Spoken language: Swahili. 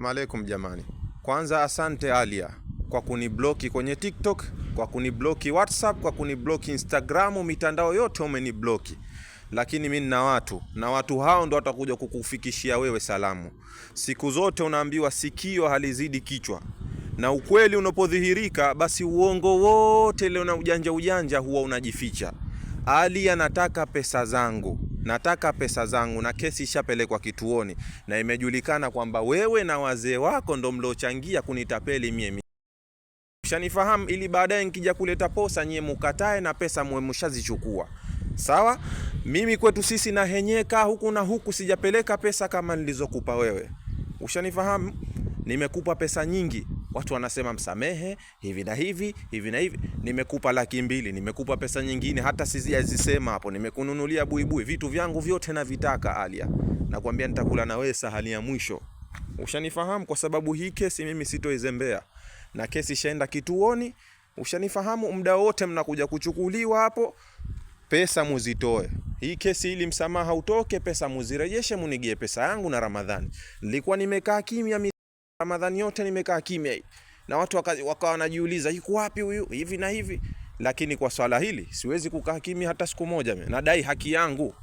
Maalaikum jamani, kwanza asante Alia kwa kunibloki kwenye TikTok, kwa kunibloki WhatsApp, kwa kunibloki Instagram, mitandao yote umenibloki lakini mi nina watu na watu hao ndo watakuja kukufikishia wewe salamu. Siku zote unaambiwa sikio halizidi kichwa, na ukweli unapodhihirika basi uongo wote leo na ujanja ujanja huwa unajificha. Ali anataka pesa zangu, nataka pesa zangu, na kesi ishapelekwa kituoni na imejulikana kwamba wewe na wazee wako ndo mlochangia kunitapeli mimi mshanifahamu ili baadaye nikija kuleta posa nyie mukatae na pesa mwe mshazichukua. Sawa, mimi kwetu sisi na henyeka huku na huku, sijapeleka pesa kama nilizokupa wewe. Ushanifahamu, nimekupa pesa nyingi watu wanasema msamehe hivi na hivi hivi na hivi, nimekupa laki mbili, nimekupa pesa nyingine, hata sizijazisema hapo, nimekununulia buibui, vitu vyangu vyote navitaka, Alia, nakwambia nitakula na wewe sahani ya mwisho. Ushanifahamu? Kwa sababu hii kesi mimi sitoizembea, na kesi shaenda kituoni. Ushanifahamu? Muda wote mnakuja kuchukuliwa hapo, pesa muzitoe hii kesi ili msamaha utoke, pesa muzirejeshe, munigie pesa yangu na Ramadhani. Nilikuwa nimekaa kimya. Ramadhani yote nimekaa kimya hii, na watu wakawa wanajiuliza yuko wapi huyu hivi na hivi, lakini kwa swala hili siwezi kukaa kimya hata siku moja. Mimi nadai haki yangu.